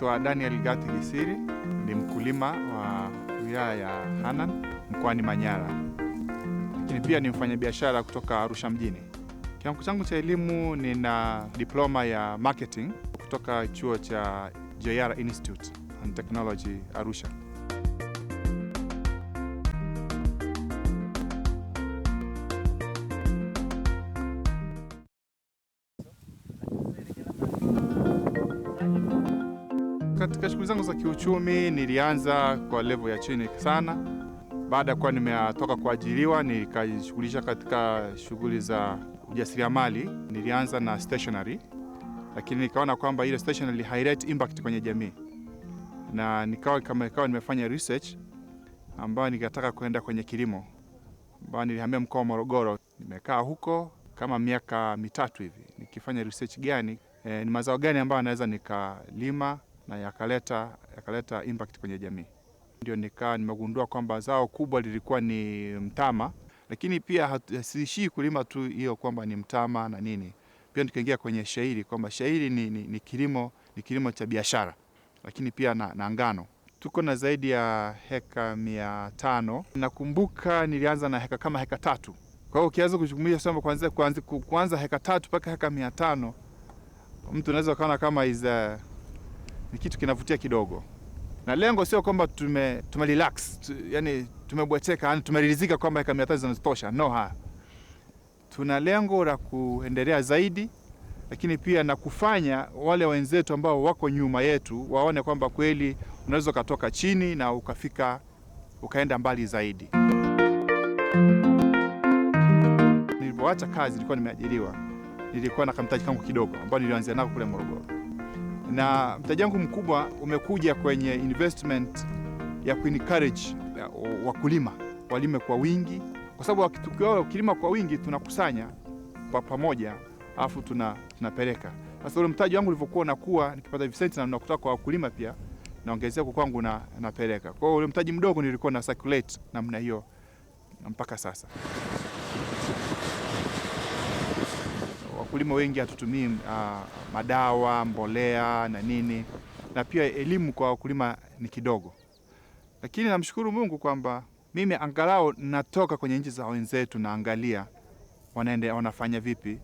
Naitwa Daniel Gati Gisiri, ni mkulima wa wilaya ya Hanang mkoani Manyara, lakini pia ni mfanyabiashara kutoka Arusha mjini. Kiwango changu cha elimu, nina diploma ya marketing kutoka chuo cha JR Institute and Technology Arusha. katika shughuli zangu za kiuchumi nilianza kwa levo ya chini sana. Baada ya kuwa nimetoka kuajiriwa, nikajishughulisha katika shughuli za ujasiriamali. Nilianza na stationery, lakini nikaona kwamba ile stationery haileti impact kwenye jamii, na nikawa kama ikawa nimefanya research ambayo nikataka kwenda kwenye kilimo, ambayo nilihamia mkoa wa Morogoro. Nimekaa huko kama miaka mitatu hivi nikifanya research gani, e, ni mazao gani ambayo anaweza nikalima na yakaleta, yakaleta impact kwenye jamii. Ndio nikaa nimegundua kwamba zao kubwa lilikuwa ni mtama, lakini pia hasiishii kulima tu hiyo kwamba ni mtama na nini, pia tukaingia kwenye shairi kwamba shairi ni, ni, ni kilimo ni kilimo cha biashara, lakini pia na, na ngano tuko na zaidi ya heka mia tano. Nakumbuka nilianza na heka kama heka tatu. Kwa hiyo ukianza kuchukumisha shamba kuanza heka tatu mpaka heka mia tano, mtu anaweza ukaona kama is a ni kitu kinavutia kidogo, na lengo sio kwamba tume, tume relax tu, yani tumebweteka, yani tumeridhika kwamba eka mia tatu zinatosha. No, ha, tuna lengo la kuendelea zaidi, lakini pia na kufanya wale wenzetu ambao wako nyuma yetu waone kwamba kweli unaweza ukatoka chini na ukafika ukaenda mbali zaidi. Nilipoacha kazi nilikuwa nimeajiriwa, nilikuwa na kamtaji kangu kidogo ambao nilianzia nako kule Morogoro na mtaji wangu mkubwa umekuja kwenye investment ya ku encourage wakulima walime kwa wingi, kwa sababu kilima kwa wingi tunakusanya kwa pamoja, alafu tuna tunapeleka. Sasa ule mtaji wangu ulivyokuwa nakuwa nikipata visenti na nakutoka kwa wakulima pia naongezea kwa kwangu na napeleka. Kwa hiyo ule mtaji mdogo nilikuwa na circulate namna hiyo mpaka sasa wakulima wengi hatutumii uh, madawa, mbolea na nini, na pia elimu kwa wakulima ni kidogo, lakini namshukuru Mungu kwamba mimi angalau natoka kwenye nchi za wenzetu, naangalia wanaende, wanafanya vipi.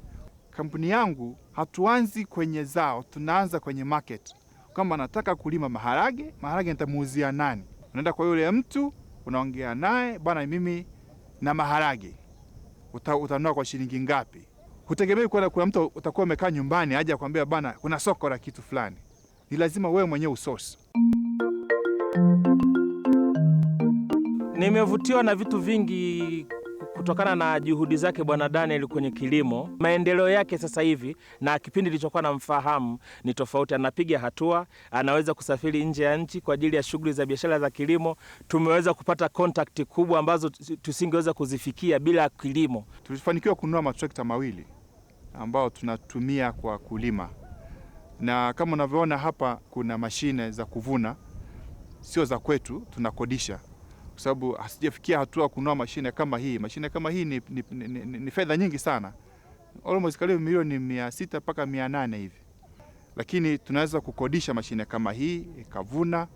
Kampuni yangu hatuanzi kwenye zao, tunaanza kwenye market. Kama nataka kulima maharage, maharage nitamuuzia nani? Unaenda kwa yule mtu, unaongea naye, bwana, mimi na maharage utanua kwa shilingi ngapi? Hutegemei kwenda kuna mtu utakuwa umekaa nyumbani aje akwambia bana, kuna soko la kitu fulani. Ni lazima wewe mwenyewe usosi Nimevutiwa na vitu vingi kutokana na juhudi zake Bwana Daniel kwenye kilimo, maendeleo yake sasa hivi na kipindi nilichokuwa namfahamu ni tofauti. Anapiga hatua, anaweza kusafiri nje ya nchi kwa ajili ya shughuli za biashara za kilimo. Tumeweza kupata kontakti kubwa ambazo tusingeweza kuzifikia bila kilimo. Tulifanikiwa kununua matrekta mawili ambao tunatumia kwa kulima, na kama unavyoona hapa kuna mashine za kuvuna, sio za kwetu, tunakodisha kwa sababu hasijafikia hatua kununua mashine kama hii. Mashine kama hii ni, ni, ni, ni, ni fedha nyingi sana, almost karibu milioni mia sita mpaka mia nane hivi, lakini tunaweza kukodisha mashine kama hii ikavuna,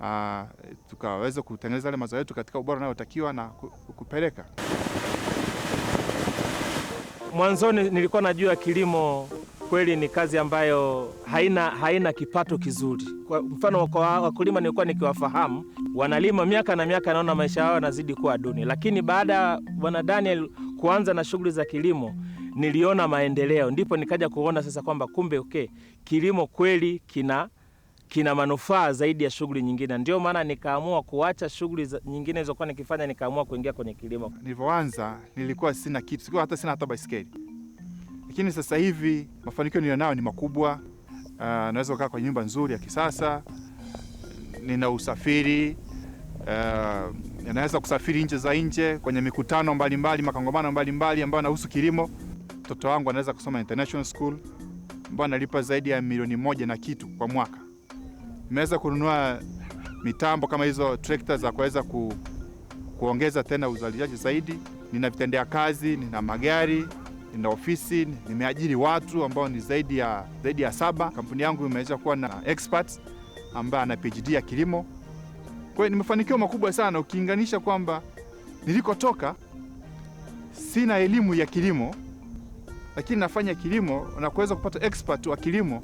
ah, tukaweza kutengeneza yale mazao yetu katika ubora unaotakiwa na kupeleka Mwanzoni nilikuwa najua kilimo kweli ni kazi ambayo haina, haina kipato kizuri. Kwa mfano kwa wakulima nilikuwa nikiwafahamu wanalima miaka na miaka, naona maisha yao yanazidi kuwa duni, lakini baada ya bwana Daniel kuanza na shughuli za kilimo niliona maendeleo, ndipo nikaja kuona sasa kwamba kumbe okay, kilimo kweli kina kina manufaa zaidi ya shughuli nyingine. Ndio maana nikaamua kuacha shughuli nyingine zilizokuwa nikifanya, nikaamua kuingia kwenye kilimo. Nilivyoanza nilikuwa sina kitu, sikuwa hata sina hata baisikeli, lakini sasa hivi mafanikio nilionayo ni makubwa. Uh, naweza kukaa kwa nyumba nzuri ya kisasa, nina usafiri uh, naweza kusafiri nje za nje kwenye mikutano mbalimbali, makongomano mbalimbali ambayo yanahusu kilimo. Mtoto wangu anaweza kusoma international school ambayo analipa zaidi ya milioni moja na kitu kwa mwaka. Nimeweza kununua mitambo kama hizo trekta za kuweza ku, kuongeza tena uzalishaji zaidi. Nina vitendea kazi, nina magari, nina ofisi, nimeajiri watu ambao ni zaidi ya, zaidi ya saba. Kampuni yangu imeweza kuwa na expert ambaye ana PhD ya kilimo. Kwa hiyo ni mafanikio makubwa sana ukiinganisha kwamba nilikotoka sina elimu ya kilimo, lakini nafanya kilimo na kuweza kupata expert wa kilimo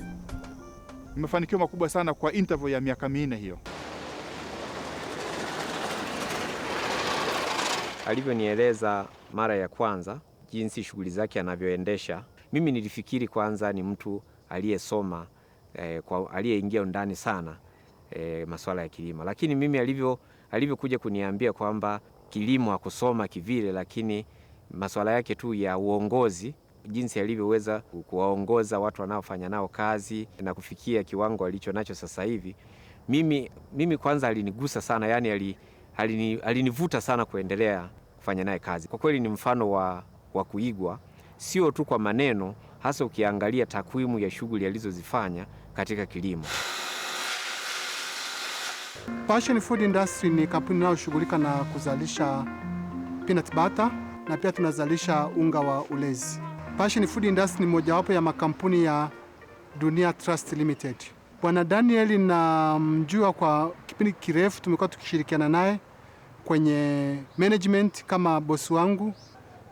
mafanikio makubwa sana kwa interval ya miaka minne hiyo. Alivyonieleza mara ya kwanza jinsi shughuli zake anavyoendesha, mimi nilifikiri kwanza ni mtu aliyesoma eh, kwa aliyeingia undani sana eh, masuala ya kilimo, lakini mimi alivyo alivyokuja kuniambia kwamba kilimo hakusoma kivile, lakini masuala yake tu ya uongozi jinsi alivyoweza kuwaongoza watu wanaofanya nao kazi na kufikia kiwango alicho nacho sasa hivi, mimi, mimi kwanza alinigusa sana yani alini, alinivuta sana kuendelea kufanya naye kazi. Kwa kweli ni mfano wa, wa kuigwa sio tu kwa maneno, hasa ukiangalia takwimu ya shughuli alizozifanya katika kilimo. Passion Food Industry ni kampuni inayoshughulika na kuzalisha peanut butter na pia tunazalisha unga wa ulezi. Passion Food Industry ni mojawapo ya makampuni ya Dunia Trust Limited. Bwana Daniel namjua kwa kipindi kirefu, tumekuwa tukishirikiana naye kwenye management kama bosi wangu.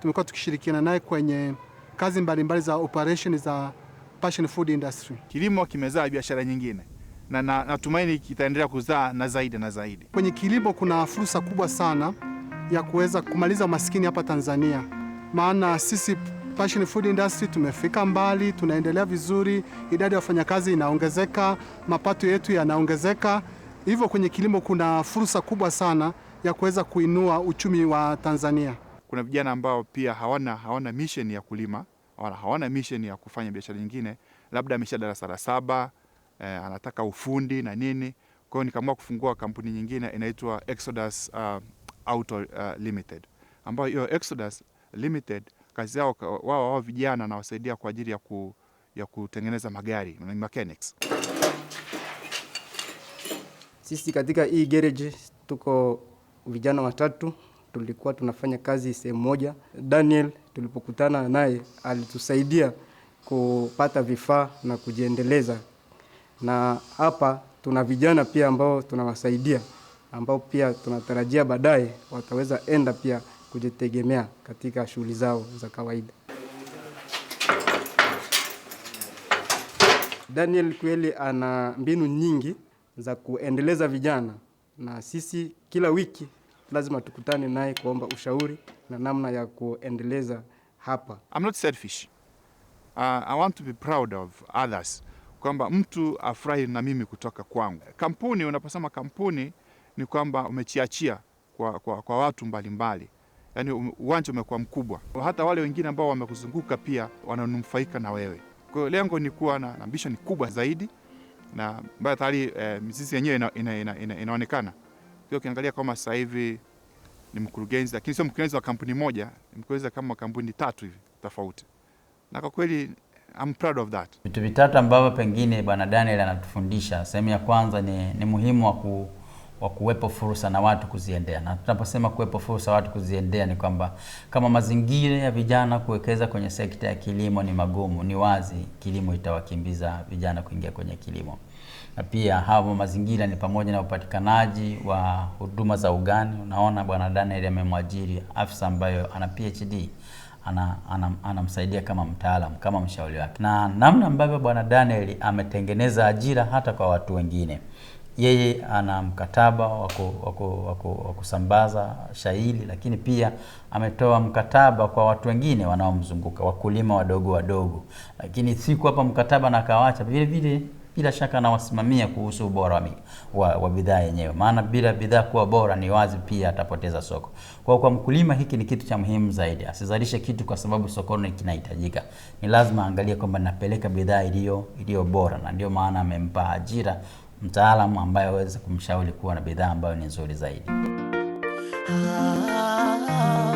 Tumekuwa tukishirikiana naye kwenye kazi mbalimbali mbali za operation za Passion Food Industry. Kilimo kimezaa biashara nyingine na, natumaini na kitaendelea kuzaa na zaidi na zaidi. Kwenye kilimo kuna fursa kubwa sana ya kuweza kumaliza umaskini hapa Tanzania, maana sisi Passion Food Industry tumefika mbali, tunaendelea vizuri, idadi ya wafanyakazi inaongezeka, mapato yetu yanaongezeka. Hivyo kwenye kilimo kuna fursa kubwa sana ya kuweza kuinua uchumi wa Tanzania. Kuna vijana ambao pia hawana, hawana mission ya kulima wala hawana mission ya kufanya biashara nyingine, labda amesha darasa la saba eh, anataka ufundi na nini. Kwa hiyo nikaamua kufungua kampuni nyingine inaitwa Exodus uh, Auto uh, Limited ambayo hiyo Exodus Limited kazi yao wao wao vijana nawasaidia kwa ajili ya, ku, ya kutengeneza magari mechanics. Sisi katika hii garage tuko vijana watatu, tulikuwa tunafanya kazi sehemu moja. Daniel tulipokutana naye alitusaidia kupata vifaa na kujiendeleza, na hapa tuna vijana pia ambao tunawasaidia ambao pia tunatarajia baadaye wataweza enda pia kujitegemea katika shughuli zao za kawaida. Daniel kweli ana mbinu nyingi za kuendeleza vijana, na sisi kila wiki lazima tukutane naye kuomba ushauri na namna ya kuendeleza hapa. I'm not selfish. Uh, I want to be proud of others, kwamba mtu afurahi na mimi kutoka kwangu. Kampuni, unaposema kampuni ni kwamba umechiachia kwa, kwa, kwa watu mbalimbali mbali yani um, uwanja umekuwa mkubwa, hata wale wengine ambao wamekuzunguka pia wananufaika na wewe. Kwa hiyo lengo ni kuwa na ni kubwa zaidi, na mbaya tayari e, mizizi yenyewe ina, ina, ina, ina, inaonekana. Kwa ukiangalia kama sasa hivi ni mkurugenzi, lakini sio mkurugenzi wa kampuni moja, ni mkurugenzi kama kampuni tatu hivi tofauti, na kwa kweli I'm proud of that. Vitu vitatu ambavyo pengine Bwana Daniel anatufundisha, sehemu ya kwanza ni, ni muhimu wa ku wa kuwepo fursa na watu kuziendea. Na tunaposema kuwepo fursa watu kuziendea ni kwamba kama mazingira ya vijana kuwekeza kwenye sekta ya kilimo ni magumu, ni wazi kilimo itawakimbiza vijana kuingia kwenye kilimo. Na pia hapo mazingira ni pamoja na upatikanaji wa huduma za ugani. Unaona, bwana Daniel amemwajiri afisa ambayo ana PhD anamsaidia ana, ana kama mtaalamu kama mshauri wake, na namna ambavyo bwana Daniel ametengeneza ajira hata kwa watu wengine yeye ana mkataba wa kusambaza shayiri, lakini pia ametoa mkataba kwa watu wengine wanaomzunguka wakulima wadogo wadogo, lakini siku hapa mkataba na kawacha vile vile bila shaka anawasimamia kuhusu ubora wa, wa bidhaa yenyewe, maana bila bidhaa kuwa bora ni wazi pia atapoteza soko. Kwa kwa mkulima hiki ni kitu cha muhimu zaidi, asizalishe kitu kwa sababu sokoni kinahitajika. Ni lazima aangalie kwamba napeleka bidhaa iliyo iliyo bora, na ndio maana amempa ajira mtaalamu ambaye aweze kumshauri kuwa na bidhaa ambayo ni nzuri zaidi. Ah,